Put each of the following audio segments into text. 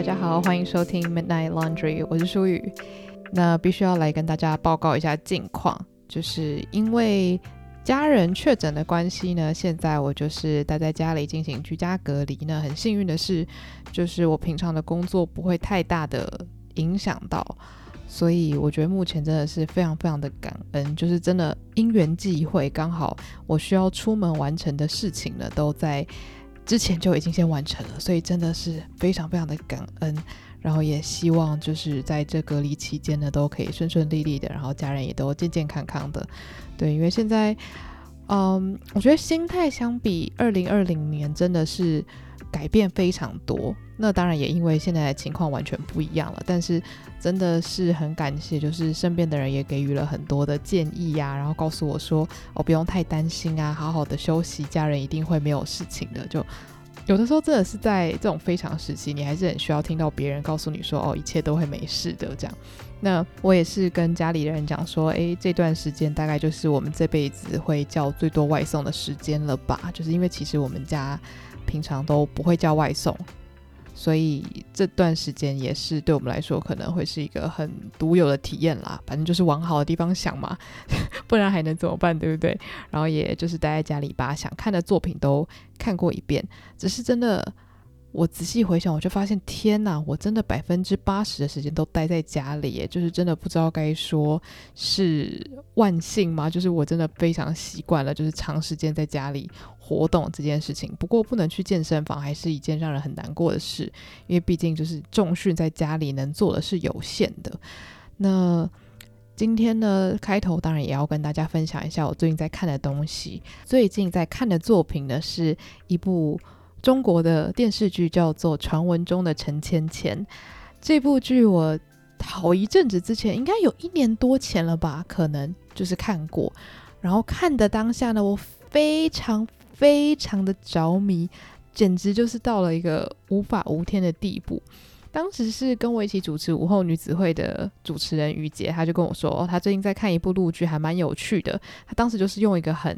大家好，歡迎收聽 Midnight Laundry，我是舒雨。那必須要來跟大家報告一下近況，就是因為家人確診的關係呢，現在我就是待在家裡進行居家隔離呢。那很幸運的是，就是我平常的工作不會太大的影響到，所以我覺得目前真的是非常非常的感恩，就是真的因緣際會，剛好我需要出門完成的事情呢都在。之前就已經先完成了，所以真的是非常非常的感恩，然後也希望就是在這隔離期間呢，都可以順順利利的，然後家人也都健健康康的。對，因為現在，嗯，我覺得心態相比二零二零年真的是。改變非常多，那當然也因為現在的情況完全不一樣了。但是真的是很感謝，就是身邊的人也給予了很多的建議呀，然後告訴我說哦，不用太擔心啊，好好的休息，家人一定會沒有事情的。就有的時候真的是在這種非常時期，你還是很需要聽到別人告訴你說哦，一切都會沒事的這樣。那我也是跟家裡的人講說，欸，這段時間大概就是我們這輩子會叫最多外送的時間了吧？就是因為其實我們家。平常都不會叫外送，所以這段時間也是對我們來說可能會是一個很獨有的體驗啦。反正就是往好的地方想嘛，不然還能怎麼辦，對不對？然後也就是待在家裡吧，把想看的作品都看過一遍。只是真的，我仔細回想，我就發現，天哪，我真的百分之八十的時間都待在家裡，也就是真的不知道該說是萬幸嗎？就是我真的非常習慣了，就是長時間在家裡。活動這件事情，不過不能去健身房還是一件讓人很難過的事，因為畢竟就是重訓在家裡能做的是有限的。那今天呢，開頭當然也要跟大家分享一下我最近在看的東西。最近在看的作品呢，是一部中國的電視劇，叫做《傳聞中的陳芊芊》。這部劇我好一陣子之前，應該有一年多前了吧，可能就是看過。然後看的當下呢，我非常非常的着迷，簡直就是到了一個無法無天的地步。當時是跟我一起主持午後女子會的主持人於杰，他就跟我說：“哦，他最近在看一部陸劇，還蠻有趣的。”他當時就是用一個很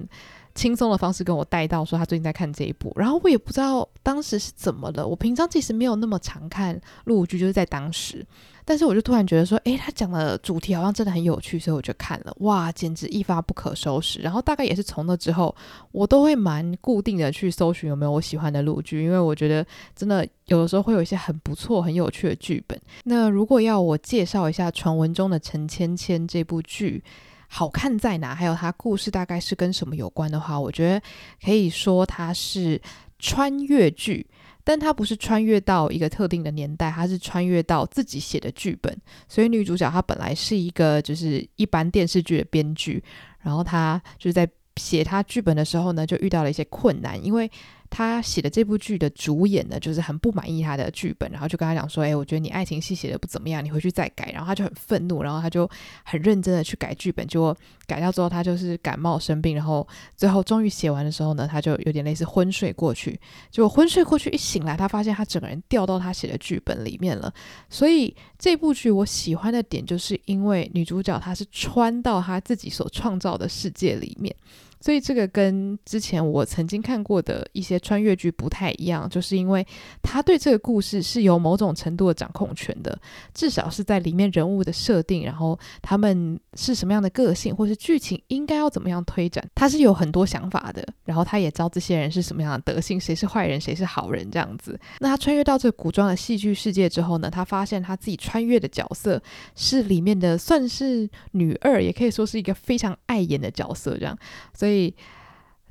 輕鬆的方式跟我帶到說他最近在看這一部。然後我也不知道當時是怎麼了，我平常其實沒有那麼常看陸劇，就是在當時。但是我就突然覺得說，誒，他講的主題好像真的很有趣，所以我就看了，哇，簡直一發不可收拾。然後大概也是從那之後，我都會蠻固定的去搜尋有沒有我喜歡的陸劇，因為我覺得真的有的時候會有一些很不錯、很有趣的劇本。那如果要我介紹一下《傳聞中的陳芊芊》這部劇，好看在哪，還有它故事大概是跟什麼有關的話，我覺得可以說它是穿越劇。但她不是穿越到一個特定的年代，她是穿越到自己寫的劇本。所以女主角她本來是一個就是一般電視劇的編劇，然後她就是在寫她劇本的時候呢，就遇到了一些困難，因為，他寫的這部劇的主演呢，就是很不滿意他的劇本，然後就跟他講說：“誒、欸，我覺得你愛情戲寫的不怎麼樣，你回去再改。”然後他就很憤怒，然後他就很認真的去改劇本，結果改掉之後，他就是感冒生病，然後最後終於寫完的時候呢，他就有點類似昏睡過去，結果昏睡過去，一醒來，他發現他整個人掉到他寫的劇本裡面了。所以這部劇我喜歡的點，就是因為女主角她是穿到她自己所創造的世界裡面。所以這個跟之前我曾經看過的一些穿越劇不太一樣，就是因為他對這個故事是有某種程度的掌控權的，至少是在裡面人物的設定，然後他們是什麼樣的個性，或是劇情應該要怎麼樣推展，他是有很多想法的。然後他也知道這些人是什麼樣的德性，誰是壞人，誰是好人這樣子。那他穿越到這個古裝的戲劇世界之後呢，他發現他自己穿越的角色是裡面的算是女二，也可以說是一個非常礙眼的角色這樣，所以。所以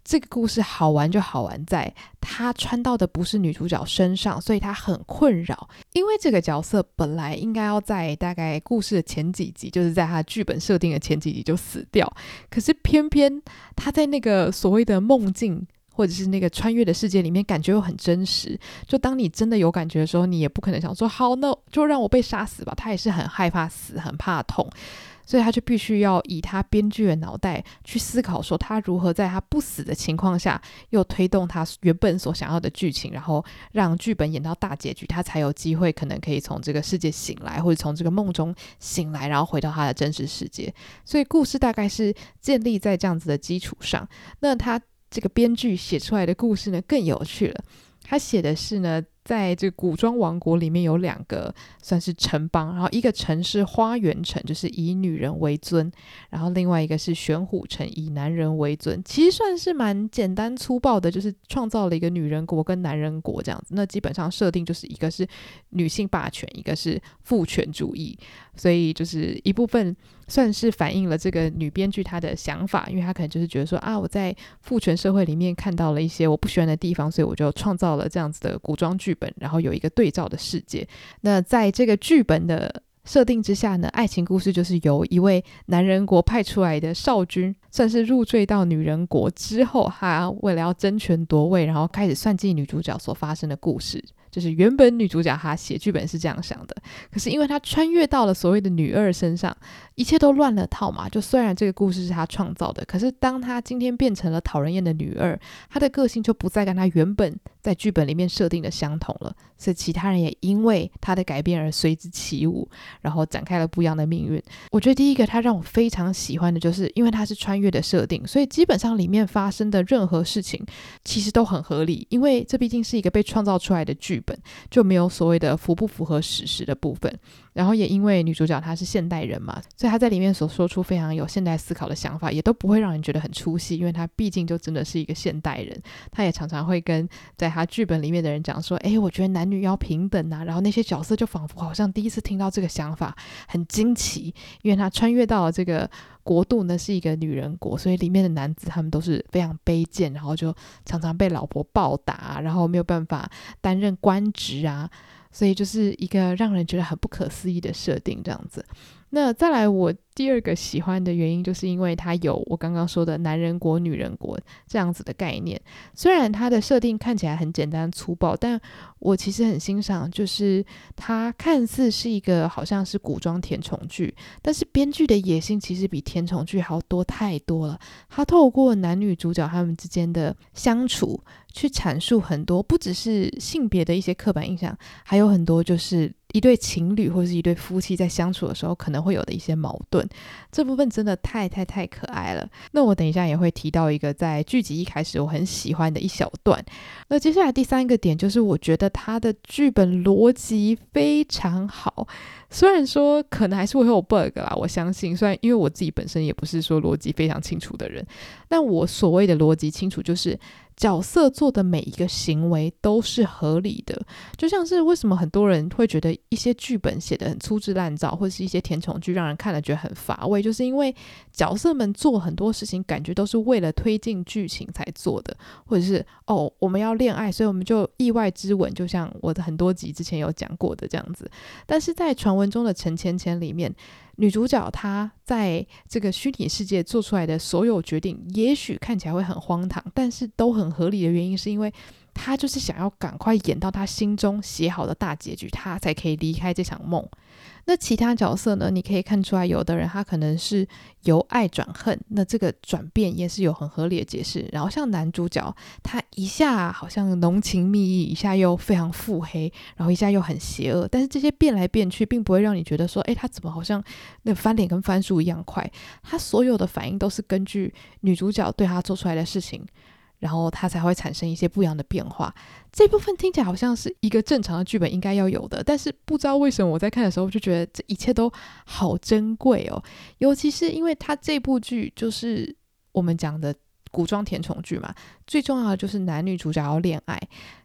這個故事好玩就好玩在，他穿到的不是女主角身上，所以他很困擾。因為這個角色本來應該要在大概故事的前幾集，就是在他劇本設定的前幾集就死掉，可是偏偏他在那個所謂的夢境或者是那個穿越的世界裡面，感覺又很真實。就當你真的有感覺的時候，你也不可能想說好，那就讓我被殺死吧。他也是很害怕死，很怕痛。所以他就必須要以他編劇的腦袋去思考，說他如何在他不死的情況下，又推動他原本所想要的劇情，然後讓劇本演到大結局，他才有機會可能可以從這個世界醒來，或者從這個夢中醒來，然後回到他的真實世界。所以故事大概是建立在這樣子的基礎上。那他這個編劇寫出來的故事呢，更有趣了。他寫的是呢，在這古裝王國裡面有兩個算是城邦，然後一個城是花園城，就是以女人為尊，然後另外一個是玄虎城，以男人為尊。其實算是蠻簡單粗暴的，就是創造了一個女人國跟男人國這樣子。那基本上設定就是一個是女性霸權，一個是父權主義，所以就是一部分。算是反映了這個女編劇她的想法，因為她可能就是覺得說啊，我在父權社會裡面看到了一些我不喜歡的地方，所以我就創造了這樣子的古裝劇本，然後有一個對照的世界。那在這個劇本的設定之下呢，愛情故事就是由一位男人國派出來的少君，算是入贅到女人國之後，他為了要爭權奪位，然後開始算計女主角所發生的故事。就是原本女主角她寫劇本是這樣想的，可是因為她穿越到了所謂的女二身上，一切都亂了套嘛。就雖然這個故事是她創造的，可是當她今天變成了討人厭的女二，她的個性就不再跟她原本在劇本裡面設定的相同了，所以其他人也因為她的改變而隨之起舞，然後展開了不一樣的命運。我覺得第一個她讓我非常喜歡的就是，因為她是穿越的設定，所以基本上裡面發生的任何事情其實都很合理，因為這畢竟是一個被創造出來的劇。本就沒有所謂的符不符合史實的部分。然後也因為女主角她是現代人嘛，所以她在裡面所說出非常有現代思考的想法，也都不會讓人覺得很出戲，因為她畢竟就真的是一個現代人。她也常常會跟在她劇本裡面的人講說：“欸，我覺得男女要平等啊。”然後那些角色就仿佛好像第一次聽到這個想法，很驚奇，因為她穿越到了這個國度呢是一個女人國，所以裡面的男子他們都是非常卑賤，然後就常常被老婆暴打，然後沒有辦法擔任官職啊。所以就是一個讓人覺得很不可思議的設定，這樣子。那再來，我第二個喜歡的原因就是因為它有我剛剛說的“男人國”“女人國”這樣子的概念。雖然它的設定看起來很簡單粗暴，但我其實很欣賞，就是它看似是一個好像是古裝甜寵劇，但是編劇的野心其實比甜寵劇還要多太多了。它透過男女主角他們之間的相處，去闡述很多不只是性別的一些刻板印象，還有很多就是。一對情侶或者是一對夫妻在相處的時候可能會有的一些矛盾，這部分真的太太太可愛了。那我等一下也會提到一個在劇集一開始我很喜歡的一小段。那接下來第三個點就是，我覺得他的劇本邏輯非常好，雖然說可能還是會會有 bug 啦。我相信，雖然因為我自己本身也不是說邏輯非常清楚的人，但我所謂的邏輯清楚就是。角色做的每一個行為都是合理的，就像是為什麼很多人會覺得一些劇本寫得很粗制濫造，或者是一些甜寵劇讓人看了覺得很乏味，就是因為角色們做很多事情感覺都是為了推進劇情才做的，或者是哦，我們要戀愛，所以我們就意外之吻，就像我的很多集之前有講過的這樣子。但是在傳聞中的陳芊芊裡面。女主角她在這個虛擬世界做出來的所有決定，也許看起來會很荒唐，但是都很合理的原因，是因為她就是想要趕快演到她心中寫好的大結局，她才可以離開這場夢。那其他角色呢？你可以看出來，有的人他可能是由愛轉恨，那這個轉變也是有很合理的解釋。然後像男主角，他一下好像濃情蜜意，一下又非常腹黑，然後一下又很邪惡。但是這些變來變去，並不會讓你覺得說，誒，他怎麼好像那個翻臉跟翻書一樣快？他所有的反應都是根據女主角對他做出來的事情。然後它才會產生一些不一樣的變化。這部分聽起來好像是一個正常的劇本應該要有的，但是不知道為什麼我在看的時候就覺得這一切都好珍貴哦。尤其是因為它這部劇就是我們講的古裝甜寵劇嘛，最重要的就是男女主角要戀愛，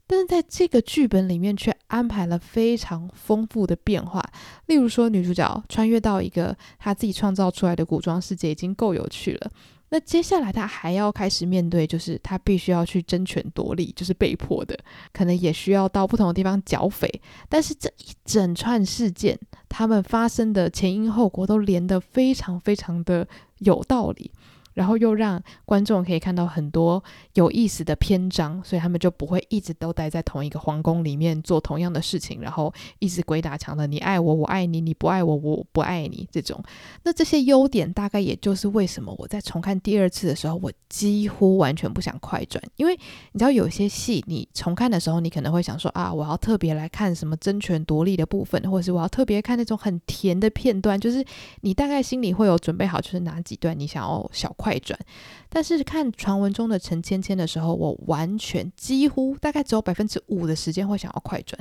但是在這個劇本裡面卻安排了非常豐富的變化。例如說，女主角穿越到一個她自己創造出來的古裝世界，已經夠有趣了。那接下來他還要開始面對，就是他必須要去爭權奪利，就是被迫的，可能也需要到不同的地方剿匪，但是這一整串事件，他們發生的前因後果都連得非常非常的有道理。然後又讓觀眾可以看到很多有意思的篇章，所以他們就不會一直都待在同一個皇宮裡面做同樣的事情，然後一直鬼打牆的。你愛我，我愛你；你不愛我，我不愛你。這種，那這些優點大概也就是為什麼我在重看第二次的時候，我幾乎完全不想快轉，因為你知道有些戲你重看的時候，你可能會想說啊，我要特別來看什麼爭權奪利的部分，或者是我要特別看那種很甜的片段，就是你大概心裡會有準備好，就是哪幾段你想要小快，快轉，但是看傳聞中的陳芊芊的時候，我完全幾乎大概只有百分之五的時間會想要快轉。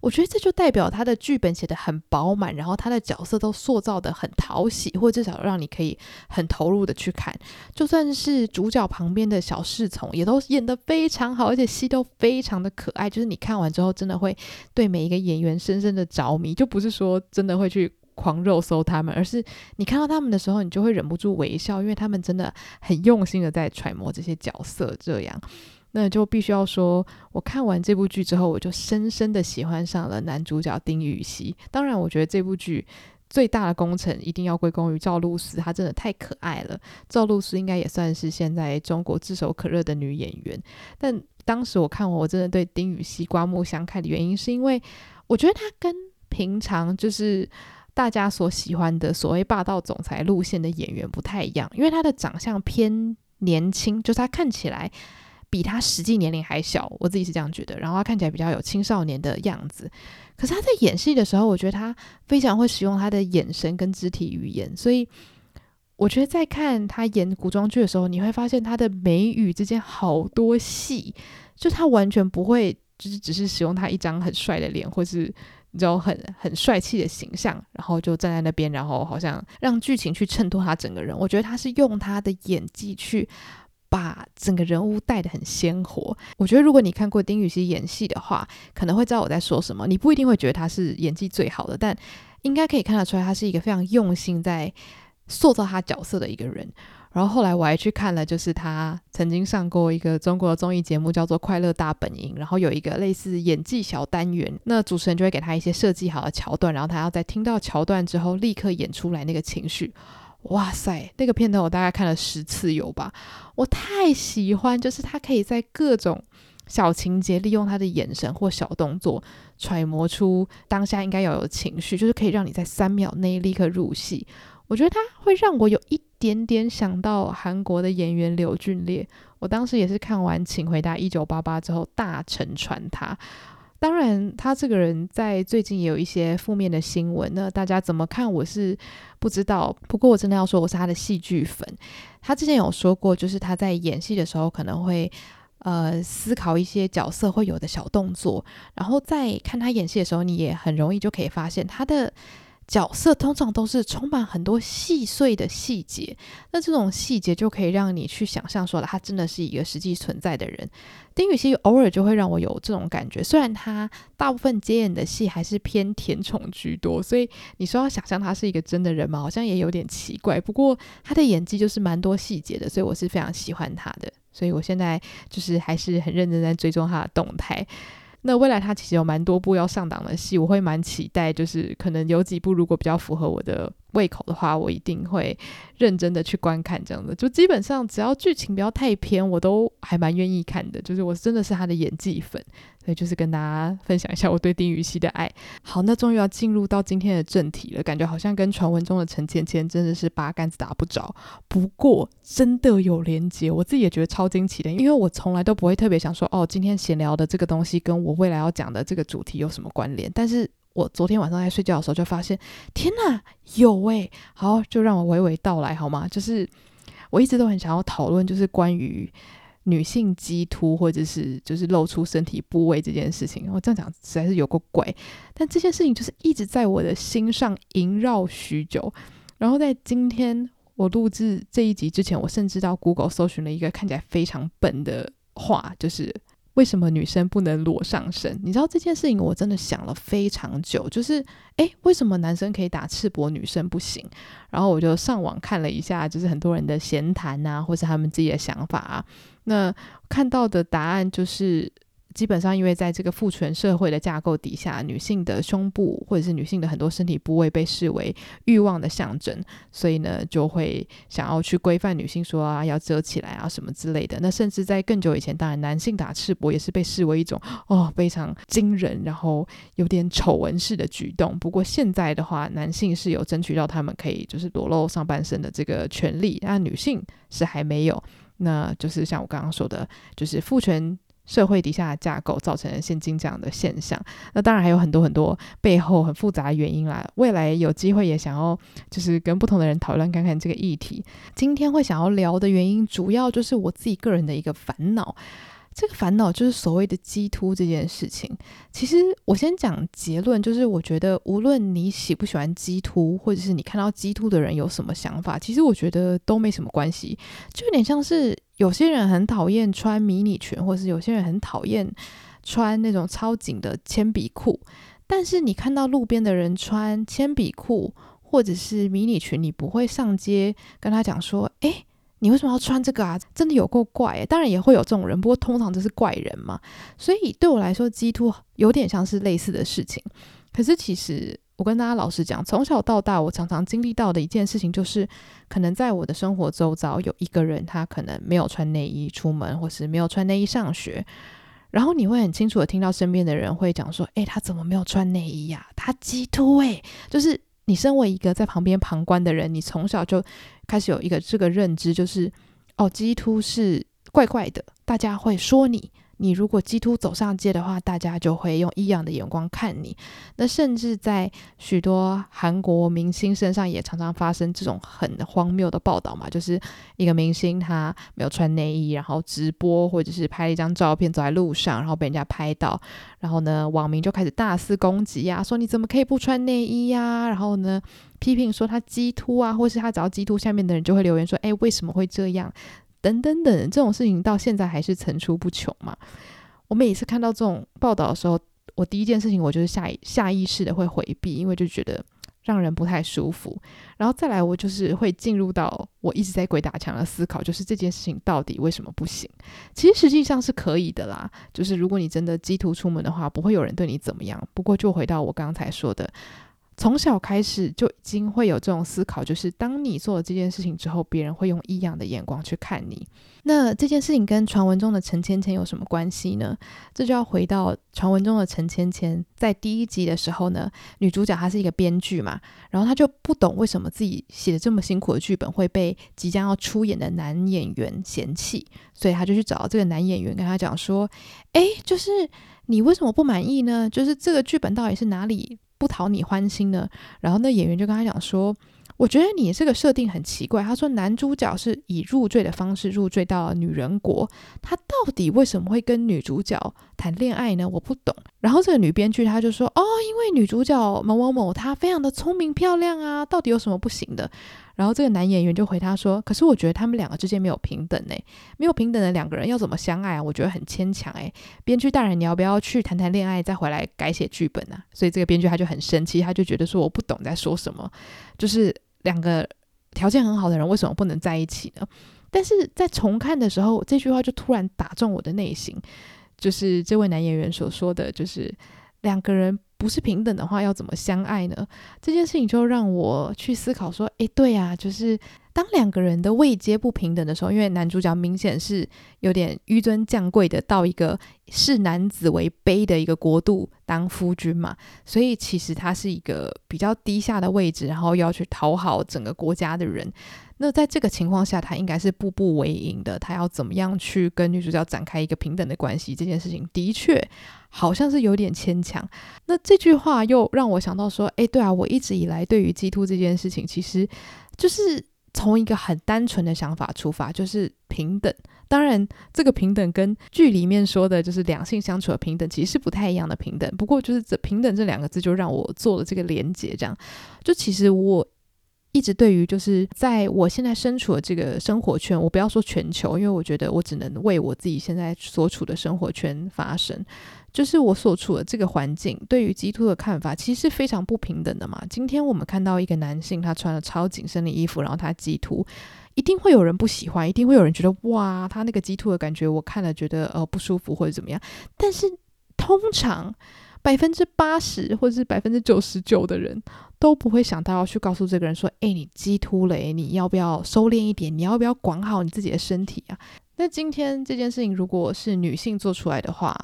我覺得這就代表他的劇本寫得很飽滿，然後他的角色都塑造得很討喜，或至少讓你可以很投入的去看。就算是主角旁邊的小侍從，也都演得非常好，而且戲都非常的可愛。就是你看完之後，真的會對每一個演員深深的着迷，就不是說真的會去。狂肉搜他們，而是你看到他們的時候，你就會忍不住微笑，因為他們真的很用心的在揣摩這些角色。這樣，那就必須要說，我看完這部劇之後，我就深深的喜歡上了男主角丁禹兮。當然，我覺得這部劇最大的功臣一定要歸功於趙露思，她真的太可愛了。趙露思應該也算是現在中國炙手可熱的女演員。但當時我看完我，真的對丁禹兮刮目相看的原因，是因為我覺得他跟平常就是。大家所喜歡的所謂霸道總裁路線的演員不太一樣，因為他的長相偏年輕，就是他看起來比他實際年齡還小，我自己是這樣覺得。然後他看起來比較有青少年的樣子，可是他在演戲的時候，我覺得他非常會使用他的眼神跟肢體語言。所以我覺得在看他演古裝劇的時候，你會發現他的眉宇之間好多戲，就他完全不會，就是只是使用他一張很帥的臉，或是。就很很帥氣的形象，然後就站在那邊，然後好像讓劇情去襯托他整個人。我覺得他是用他的演技去把整個人物帶得很鮮活。我覺得如果你看過丁禹兮演戲的話，可能會知道我在說什麼。你不一定會覺得他是演技最好的，但應該可以看得出來，他是一個非常用心在塑造他角色的一個人。然後後來我還去看了，就是他曾經上過一個中國的綜藝節目，叫做《快樂大本營》，然後有一個類似演技小單元，那主持人就會給他一些設計好的橋段，然後他要在聽到橋段之後立刻演出來那個情緒。哇塞，那個片段我大概看了十次有吧，我太喜歡，就是他可以在各種小情節利用他的眼神或小動作揣摩出當下應該要有情緒，就是可以讓你在三秒內立刻入戲。我覺得他會讓我有一點點想到韓國的演員柳俊烈。我當時也是看完《請回答一九八八》之後大成傳他。當然，他這個人在最近也有一些負面的新聞，那大家怎麼看？我是不知道。不過我真的要說，我是他的戲劇粉。他之前有說過，就是他在演戲的時候可能會呃思考一些角色會有的小動作，然後在看他演戲的時候，你也很容易就可以發現他的。角色通常都是充滿很多細碎的細節，那這種細節就可以讓你去想象說他真的是一個實際存在的人。丁禹兮偶爾就會讓我有這種感覺，雖然他大部分接演的戲還是偏甜寵居多，所以你說要想象他是一個真的人嗎？好像也有點奇怪。不過他的演技就是蠻多細節的，所以我是非常喜歡他的，所以我現在就是還是很認真在追蹤他的動態。那未來他其實有蠻多部要上檔的戲，我會蠻期待，就是可能有幾部如果比較符合我的。胃口的話，我一定會認真的去觀看。這樣子，就基本上只要劇情不要太偏，我都還蠻願意看的。就是我真的是他的演技粉，所以就是跟大家分享一下我對丁禹兮的愛。好，那終於要進入到今天的正題了，感覺好像跟傳聞中的陳芊芊真的是八竿子打不着。不過真的有連接，我自己也覺得超驚奇的，因為我從來都不會特別想說哦，今天閒聊的這個東西跟我未來要講的這個主題有什麼關聯。但是。我昨天晚上在睡覺的時候就發現，天哪，有誒、欸。好，就讓我娓娓道來好嗎？就是我一直都很想要討論，就是關於女性激凸或者是就是露出身體部位這件事情。我這樣講實在是有個鬼，但這件事情就是一直在我的心上縈繞許久。然後在今天我錄製這一集之前，我甚至到 Google 搜尋了一個看起來非常笨的話，就是。為什麼女生不能裸上身？你知道這件事情，我真的想了非常久。就是，誒，為什麼男生可以打赤膊，女生不行？然後我就上網看了一下，就是很多人的閒談啊，或是他們自己的想法啊。那看到的答案就是。基本上，因為在這個父權社會的架構底下，女性的胸部或者是女性的很多身體部位被視為慾望的象徵，所以呢，就會想要去規範女性，說啊要遮起來啊什麼之類的。那甚至在更久以前，當然男性打赤膊也是被視為一種哦非常驚人，然後有點醜聞式的舉動。不過現在的話，男性是有爭取到他們可以就是裸露上半身的這個權利，那女性是還沒有。那就是像我剛剛說的，就是父權。社會底下的架構造成了現今這樣的現象，那當然還有很多很多背後很複雜的原因啦。未來有機會也想要就是跟不同的人討論看看這個議題。今天會想要聊的原因，主要就是我自己個人的一個煩惱。這個煩惱就是所謂的激凸這件事情。其實我先講結論，就是我覺得無論你喜不喜歡激凸，或者是你看到激凸的人有什麼想法，其實我覺得都沒什麼關係。就有點像是有些人很討厭穿迷你裙，或者是有些人很討厭穿那種超緊的鉛筆褲。但是你看到路邊的人穿鉛筆褲或者是迷你裙，你不會上街跟他講說，誒……你為什麼要穿這個啊？真的有夠怪、欸、當然也會有這種人，不過通常這是怪人嘛。所以對我來說，激凸有點像是類似的事情。可是其實我跟大家老實講，從小到大，我常常經歷到的一件事情，就是可能在我的生活周遭有一個人，他可能沒有穿內衣出門，或是沒有穿內衣上學，然後你會很清楚的聽到身邊的人會講說：“誒、欸，他怎麼沒有穿內衣呀、啊？他激凸、欸、就是。”你身為一個在旁邊旁觀的人，你從小就開始有一個這個認知，就是哦，激凸是怪怪的，大家會說你。你如果激凸走上街的話，大家就會用異樣的眼光看你。那甚至在許多韓國明星身上也常常發生這種很荒謬的報道嘛，就是一個明星他沒有穿內衣，然後直播或者是拍了一張照片走在路上，然後被人家拍到，然後呢，網民就開始大肆攻擊呀、啊，說你怎麼可以不穿內衣呀、啊？然後呢，批評說他激凸啊，或是他找激凸下面的人就會留言說，哎，為什麼會這樣？等等等，這種事情到現在還是層出不窮嘛。我每次看到這種報道的時候，我第一件事情我就是下下意識的會回避，因為就覺得讓人不太舒服。然後再來，我就是會進入到我一直在鬼打牆的思考，就是這件事情到底為什麼不行？其實實際上是可以的啦，就是如果你真的激凸出門的話，不會有人對你怎麼樣。不過，就回到我剛才說的。從小開始就已經會有這種思考，就是當你做了這件事情之後，別人會用異樣的眼光去看你。那這件事情跟傳聞中的陳芊芊有什麼關係呢？這就要回到傳聞中的陳芊芊在第一集的時候呢，女主角她是一個編劇嘛，然後她就不懂為什麼自己寫的這麼辛苦的劇本會被即將要出演的男演員嫌棄，所以她就去找這個男演員，跟他講說：“誒，就是你為什麼不滿意呢？就是這個劇本到底是哪裡？”不討你歡心呢，然後那演員就跟他講說：“我覺得你這個設定很奇怪。”他說：“男主角是以入贅的方式入贅到了女人國，他到底為什麼會跟女主角談戀愛呢？我不懂。”然後這個女編劇她就說：“哦，因為女主角某某某她非常的聰明漂亮啊，到底有什麼不行的？”然後這個男演員就回他說：“可是我覺得他們兩個之間沒有平等耶，沒有平等的兩個人要怎麼相愛啊？我覺得很牽強耶。編劇大人，你要不要去談談戀愛，再回來改寫劇本啊。”所以這個編劇他就很生氣，他就覺得說：“我不懂在說什麼，就是兩個條件很好的人為什麼不能在一起呢？”但是在重看的時候，這句話就突然打中我的內心，就是這位男演員所說的就是兩個人。不是平等的話，要怎麼相愛呢？這件事情就讓我去思考說，哎，對呀、啊，就是當兩個人的位階不平等的時候，因為男主角明顯是有點紆尊降貴的，到一個視男子為卑的一個國度當夫君嘛，所以其實他是一個比較低下的位置，然後又要去討好整個國家的人。那在這個情況下，他應該是步步為營的。他要怎麼樣去跟女主角展開一個平等的關係？這件事情的確好像是有點牽強。那這句話又讓我想到說，哎，對啊，我一直以來對於激凸這件事情，其實就是從一個很單純的想法出發，就是平等。當然，這個平等跟劇裡面說的就是兩性相處的平等，其實是不太一樣的平等。不過，就是這平等這兩個字，就讓我做了這個連結，這樣就其實我。一直對於就是在我現在身處的這個生活圈，我不要說全球，因為我覺得我只能為我自己現在所處的生活圈發聲。就是我所處的這個環境，對於激凸的看法其實是非常不平等的嘛。今天我們看到一個男性，他穿了超緊身的衣服，然後他激凸，一定會有人不喜歡，一定會有人覺得哇，他那個激凸的感覺，我看了覺得呃不舒服或者怎麼樣。但是通常。百分之八十或者是百分之九十九的人都不會想到要去告訴這個人說：“誒、欸，你雞突激凸了，誒，你要不要收斂一點？你要不要管好你自己的身體啊？”那今天這件事情如果是女性做出來的話，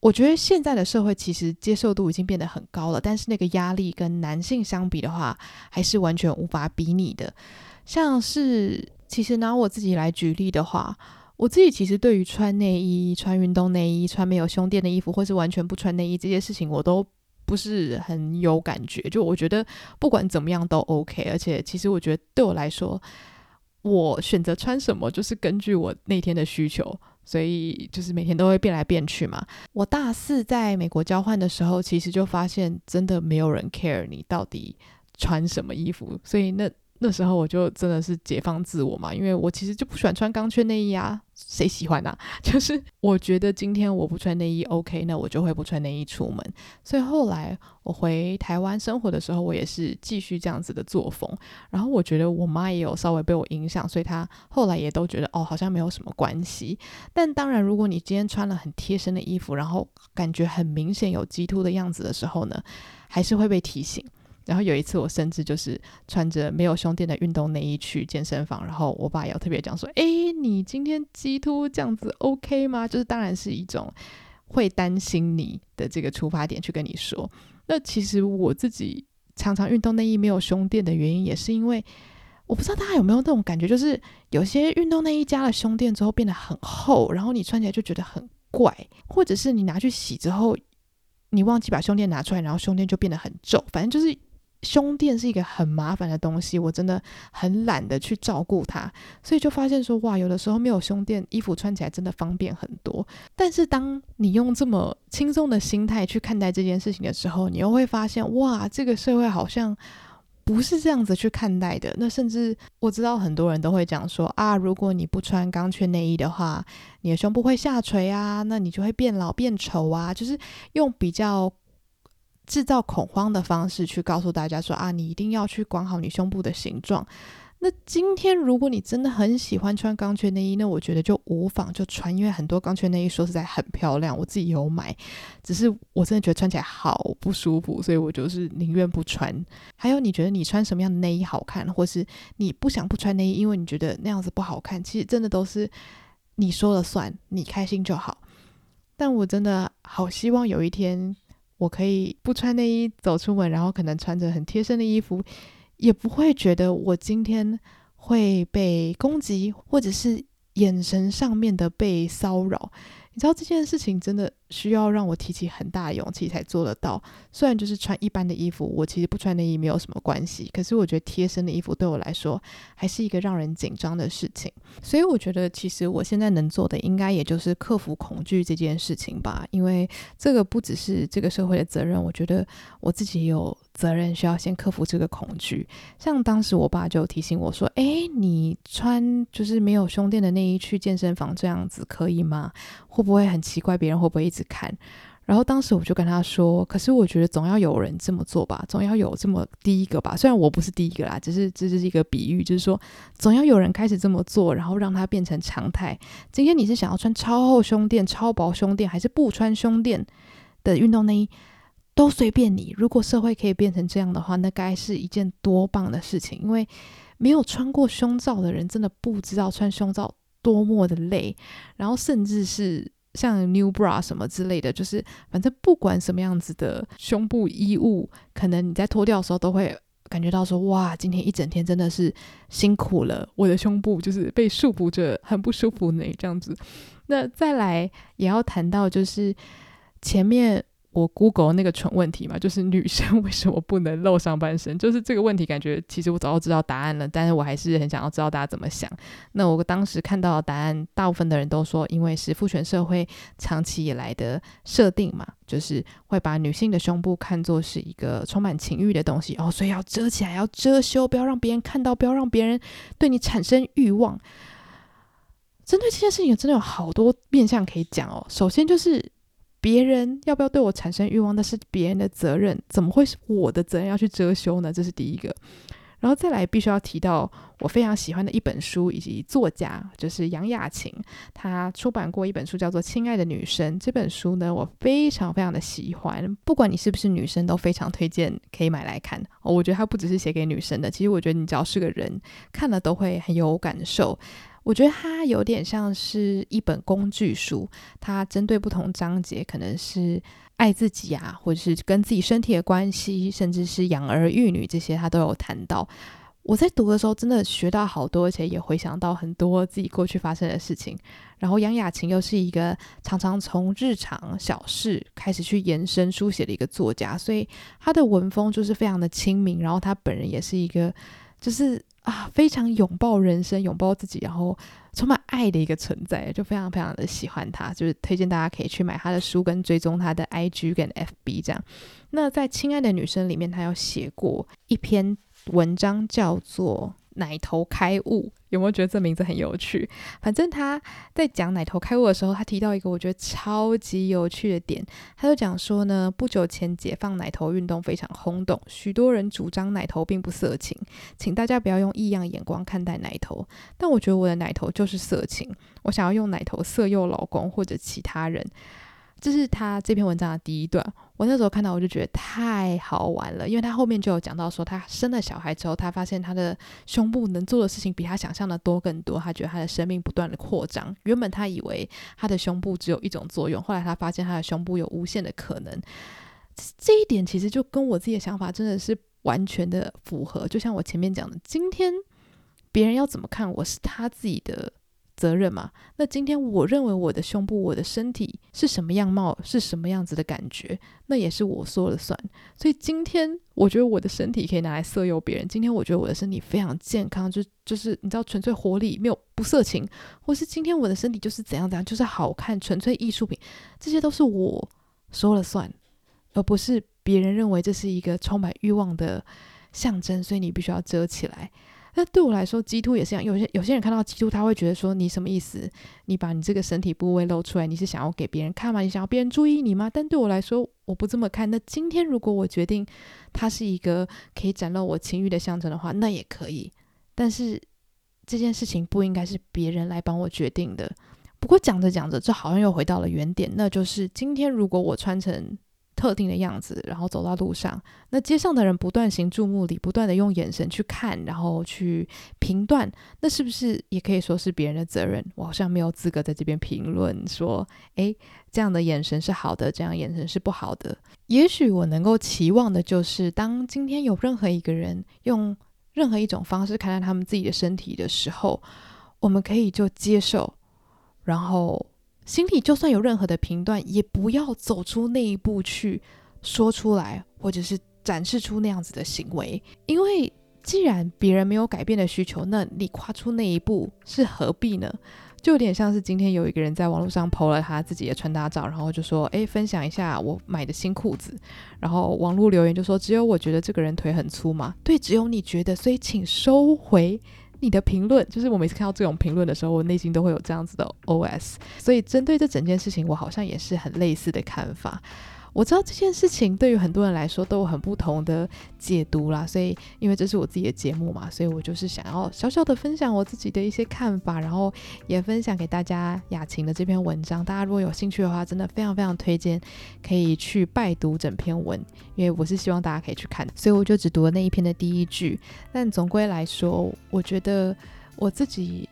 我覺得現在的社會其實接受度已經變得很高了，但是那個壓力跟男性相比的話，還是完全無法比擬的。像是其實拿我自己來舉例的話。我自己其實對於穿內衣、穿運動內衣、穿沒有胸墊的衣服，或是完全不穿內衣這些事情，我都不是很有感覺。就我覺得，不管怎麼樣都 OK。而且，其實我覺得對我來說，我選擇穿什麼就是根據我那天的需求，所以就是每天都會變來變去嘛。我大四在美國交換的時候，其實就發現真的沒有人 care 你到底穿什麼衣服，所以那。那時候我就真的是解放自我嘛，因為我其實就不喜歡穿鋼圈內衣啊，誰喜歡啊？就是我覺得今天我不穿內衣 OK，那我就會不穿內衣出門。所以後來我回台灣生活的時候，我也是繼續這樣子的作風。然後我覺得我媽也有稍微被我影響，所以她後來也都覺得哦，好像沒有什麼關係。但當然，如果你今天穿了很貼身的衣服，然後感覺很明顯有激凸的樣子的時候呢，還是會被提醒。然後有一次，我甚至就是穿着沒有胸墊的運動內衣去健身房，然後我爸也要特別講說：“誒，你今天激凸這樣子 OK 嗎？”就是當然是一種會擔心你的這個出發點去跟你說。那其實我自己常常運動內衣沒有胸墊的原因，也是因為我不知道大家有沒有那種感覺，就是有些運動內衣加了胸墊之後變得很厚，然後你穿起來就覺得很怪，或者是你拿去洗之後，你忘記把胸墊拿出來，然後胸墊就變得很皺。反正就是。胸墊是一個很麻煩的東西，我真的很懶得去照顧它，所以就發現說哇，有的時候沒有胸墊，衣服穿起來真的方便很多。但是當你用這麼輕鬆的心態去看待這件事情的時候，你又會發現哇，這個社會好像不是這樣子去看待的。那甚至我知道很多人都會講說啊，如果你不穿鋼圈內衣的話，你的胸部會下垂啊，那你就會變老變醜啊，就是用比較。製造恐慌的方式去告訴大家說啊，你一定要去管好你胸部的形狀。那今天如果你真的很喜歡穿鋼圈內衣，那我覺得就無妨就穿，因為很多鋼圈內衣說實在很漂亮，我自己有買，只是我真的覺得穿起來好不舒服，所以我就是寧願不穿。還有你覺得你穿什麼樣的內衣好看，或是你不想不穿內衣，因為你覺得那樣子不好看，其實真的都是你說了算，你開心就好。但我真的好希望有一天。我可以不穿內衣走出門，然後可能穿着很貼身的衣服，也不會覺得我今天會被攻擊，或者是眼神上面的被騷擾。你知道這件事情真的。需要讓我提起很大勇氣才做得到。雖然就是穿一般的衣服，我其實不穿內衣沒有什麼關係。可是我覺得貼身的衣服對我來說還是一個讓人緊張的事情。所以我覺得，其實我現在能做的，應該也就是克服恐懼這件事情吧。因為這個不只是這個社會的責任，我覺得我自己有責任需要先克服這個恐懼。像當時我爸就提醒我說：“哎、欸，你穿就是沒有胸墊的內衣去健身房這樣子可以嗎？會不會很奇怪？別人會不會一直？”看，然後當時我就跟他說，可是我覺得總要有人這麼做吧，總要有這麼第一個吧。雖然我不是第一個啦，只是這只是一個比喻，就是說總要有人開始這麼做，然後讓它變成常態。今天你是想要穿超厚胸墊、超薄胸墊，還是不穿胸墊的運動內衣都隨便你。如果社會可以變成這樣的話，那該是一件多棒的事情！因為沒有穿過胸罩的人，真的不知道穿胸罩多麼的累，然後甚至是。像 new bra 什麼之類的，就是反正不管什麼樣子的胸部衣物，可能你在脫掉的時候都會感覺到說，哇，今天一整天真的是辛苦了，我的胸部就是被束縛着，很不舒服呢，這樣子。那再來也要談到就是前面。我 Google 那個蠢問題嘛，就是女生為什麼不能露上半身？就是這個問題，感覺其實我早就知道答案了，但是我還是很想要知道大家怎麼想。那我當時看到的答案，大部分的人都說，因為是父權社會長期以來的設定嘛，就是會把女性的胸部看作是一個充滿情欲的東西，哦，所以要遮起來，要遮羞，不要讓別人看到，不要讓別人對你產生欲望。針對這件事情，真的有好多面向可以講哦。首先就是。別人要不要對我產生慾望，那是別人的責任，怎麼會是我的責任要去遮羞呢？這是第一個，然後再來必須要提到我非常喜歡的一本書以及作家，就是楊雅晴，她出版過一本書叫做《親愛的女生》。這本書呢，我非常非常的喜歡，不管你是不是女生，都非常推薦可以買來看。我覺得它不只是寫給女生的，其實我覺得你只要是個人看了都會很有感受。我覺得他有點像是一本工具書，他針對不同章節，可能是愛自己啊，或者是跟自己身體的關係，甚至是養兒育女這些，他都有談到。我在讀的時候真的學到好多，而且也回想到很多自己過去發生的事情。然後楊雅晴又是一個常常從日常小事開始去延伸書寫的一個作家，所以她的文風就是非常的親民。然後她本人也是一個。就是啊，非常擁抱人生、擁抱自己，然後充滿愛的一個存在，就非常非常的喜歡他。就是推薦大家可以去買他的書，跟追蹤他的 IG 跟 FB 這樣。那在《親愛的女生》裡面，他有寫過一篇文章，叫做，奶頭開悟，有沒有覺得這名字很有趣？反正他在講奶頭開悟的時候，他提到一個我覺得超級有趣的點，他就講說呢，不久前解放奶頭運動非常轟動，許多人主張奶頭並不色情，請大家不要用異樣眼光看待奶頭。但我覺得我的奶頭就是色情，我想要用奶頭色誘老公或者其他人。這是他這篇文章的第一段，我那時候看到我就覺得太好玩了，因為他後面就有講到說，他生了小孩之後，他發現他的胸部能做的事情比他想象的多更多，他覺得他的生命不斷的擴張。原本他以為他的胸部只有一種作用，後來他發現他的胸部有無限的可能。這一點其實就跟我自己的想法真的是完全的符合，就像我前面講的，今天別人要怎麼看我是他自己的。責任嘛？那今天我認為我的胸部、我的身體是什麼樣貌，是什麼樣子的感覺，那也是我說了算。所以今天我覺得我的身體可以拿來色誘別人。今天我覺得我的身體非常健康，就就是你知道，純粹活力，沒有不色情，或是今天我的身體就是怎樣怎樣，就是好看，純粹藝術品，這些都是我說了算，而不是別人認為這是一個充滿慾望的象徵，所以你必須要遮起來。那對我來說，激凸也是一樣。有些有些人看到激凸，他會覺得說：“你什麼意思？你把你這個身體部位露出來，你是想要給別人看嗎？你想要別人注意你嗎？”但對我來說，我不這麼看。那今天如果我決定它是一個可以展露我情欲的象徵的話，那也可以。但是這件事情不應該是別人來幫我決定的。不過講着講着，這好像又回到了原點，那就是今天如果我穿成。特定的樣子，然後走到路上，那街上的人不斷行注目禮，不斷的用眼神去看，然後去評斷，那是不是也可以說是別人的責任？我好像沒有資格在這邊評論說，誒，這樣的眼神是好的，這樣的眼神是不好的。也許我能夠期望的就是，當今天有任何一個人用任何一種方式看待他們自己的身體的時候，我們可以就接受，然後。心裡就算有任何的評斷，也不要走出那一步去說出來，或者是展示出那樣子的行為。因為既然別人沒有改變的需求，那你跨出那一步是何必呢？就有點像是今天有一個人在網絡上 po 了他自己的穿搭照，然後就說：“哎，分享一下我買的新褲子。”然後網絡留言就說：“只有我覺得這個人腿很粗嘛？”對，只有你覺得，所以請收回。”你的評論，就是我每次看到這種評論的時候，我內心都會有這樣子的 OS，所以針對這整件事情，我好像也是很類似的看法。我知道這件事情對於很多人來說都有很不同的解讀啦，所以因為這是我自己的節目嘛，所以我就是想要小小的分享我自己的一些看法，然後也分享給大家雅晴的這篇文章。大家如果有興趣的話，真的非常非常推薦可以去拜讀整篇文，因為我是希望大家可以去看的，所以我就只讀了那一篇的第一句。但總歸來說，我覺得我自己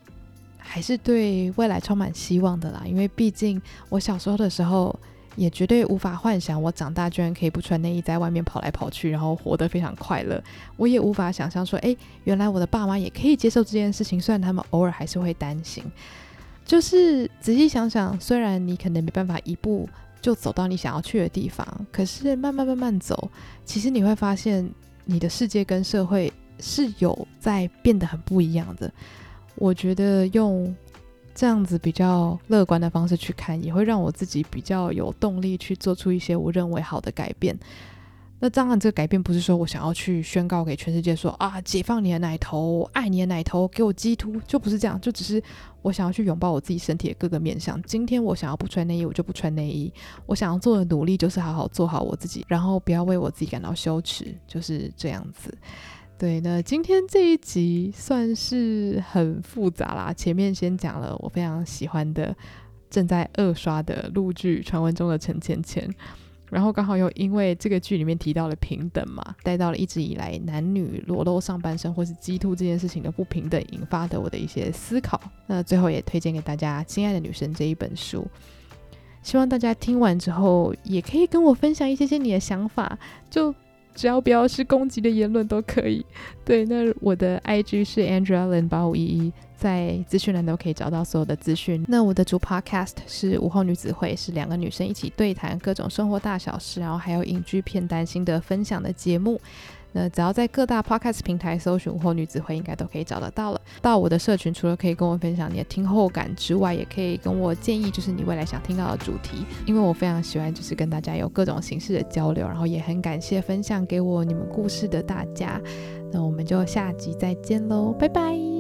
還是對未來充滿希望的啦，因為畢竟我小時候的時候。也絕對無法幻想，我長大居然可以不穿內衣在外面跑來跑去，然後活得非常快樂。我也無法想象說，誒，原來我的爸媽也可以接受這件事情，雖然他們偶爾還是會擔心。就是仔細想想，雖然你可能沒辦法一步就走到你想要去的地方，可是慢慢慢慢走，其實你會發現你的世界跟社會是有在變得很不一樣的。我覺得用。這樣子比較樂觀的方式去看，也會讓我自己比較有動力去做出一些我認為好的改變。那當然，這個改變不是說我想要去宣告給全世界說啊，解放你的奶頭，我愛你的奶頭，給我激凸，就不是這樣，就只是我想要去擁抱我自己身體的各個面向。今天我想要不穿內衣，我就不穿內衣。我想要做的努力就是好好做好我自己，然後不要為我自己感到羞恥，就是這樣子。對，那今天這一集算是很複雜啦。前面先講了我非常喜歡的、正在二刷的陸劇《傳聞中的陳芊芊》，然後剛好又因為這個劇裡面提到了平等嘛，帶到了一直以來男女裸露上半身或是激凸這件事情的不平等引發的我的一些思考。那最後也推薦給大家《親愛的女生》這一本書，希望大家聽完之後也可以跟我分享一些些你的想法。就。只要不要是攻擊的言論都可以。對，那我的 IG 是 AndreaLin 8511，在資訊欄都可以找到所有的資訊。那我的主 Podcast 是午後女子會，是兩個女生一起對談各種生活大小事，然後還有影劇片單心得分享的節目。那只要在各大 podcast 平台搜尋午後女子會，應該都可以找得到了。到我的社群，除了可以跟我分享你的聽後感之外，也可以跟我建議，就是你未來想聽到的主題。因為我非常喜歡，就是跟大家有各種形式的交流，然後也很感謝分享給我你們故事的大家。那我們就下集再見嘍，拜拜。